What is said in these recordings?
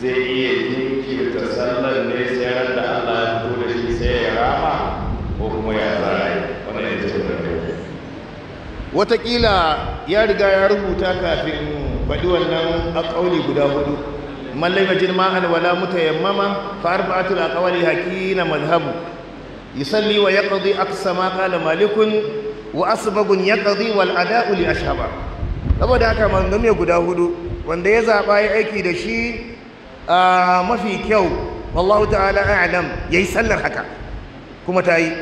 zai iya jinkirta sallar ne sayar da Allah ya fito da shi sai ya rama ko kuma ya zara wannan ita ce wannan watakila ya riga ya rubuta kafin faɗi wannan a ƙauli guda hudu mallai majin ma'an wala mutayammama fa arba'atul aqwali hakina madhhabu yusalli wa yaqdi aqsa ma qala malikun wa asbagun yaqdi wal ada'u li ashhaba saboda haka manzo guda hudu wanda ya zaba ya aiki da shi Ah, mafi kyau wallahu ta'ala a'lam yayi sallar haka kuma ta yi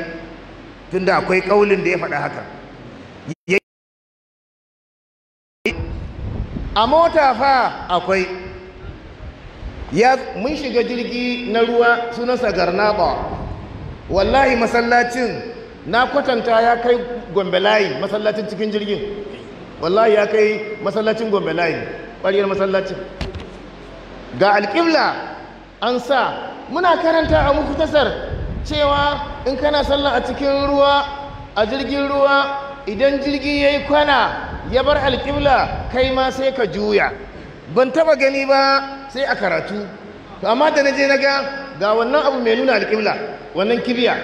tunda akwai kaulin da ya faɗa haka a mota fa akwai ya mun shiga jirgi na ruwa sunansa garnaba wallahi masallacin na kwatanta ya kai gombe masallacin cikin jirgin wallahi ya kai masallacin gombe layi ƙwariyar masallacin ga alƙibla an sa muna karanta a muktasar cewa in kana sallah a cikin ruwa a jirgin ruwa idan jirgin ya yi kwana ya bar alƙibla kai ma sai ka juya ban taba gani ba sai a karatu to amma da na je na ga ga wannan abu mai nuna alƙibla wannan kibiya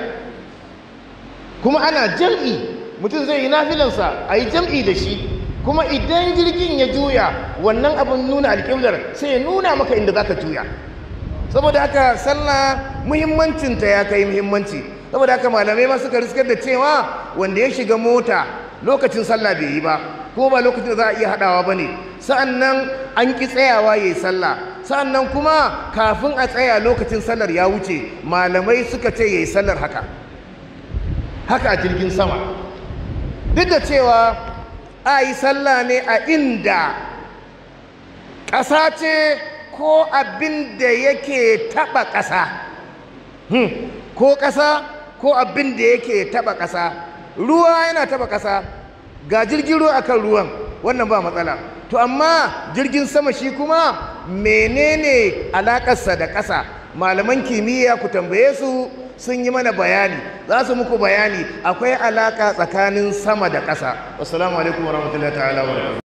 kuma ana jam'i mutum zai yi nafilansa a yi jam'i da shi kuma idan jirgin ya juya wannan abin nuna alƙiblar sai ya nuna maka inda za ka juya saboda haka sallah muhimmancinta ya kai muhimmanci saboda haka malamai ma suka riskar da cewa wanda ya shiga mota lokacin sallah bai yi ba ko ba lokacin da za a iya haɗawa ba ne sa'annan an ƙi tsayawa ya yi sallah sa'annan kuma kafin a tsaya lokacin sallar ya wuce malamai suka ce ya yi sallar haka haka a jirgin sama duk da cewa a yi sallah ne a inda ƙasa ce ko abin da yake taɓa ƙasa hmm. ko ƙasa ko abin da yake taɓa ƙasa ruwa yana taɓa ƙasa ga jirgin ruwa akan ruwan wannan ba matsala to amma jirgin sama shi kuma menene alaƙarsa da ƙasa malaman kimiyya ku tambaye su sun yi mana bayani za su muku bayani akwai alaka tsakanin sama da ƙasa assalamu alaikum warahmatullahi ta'ala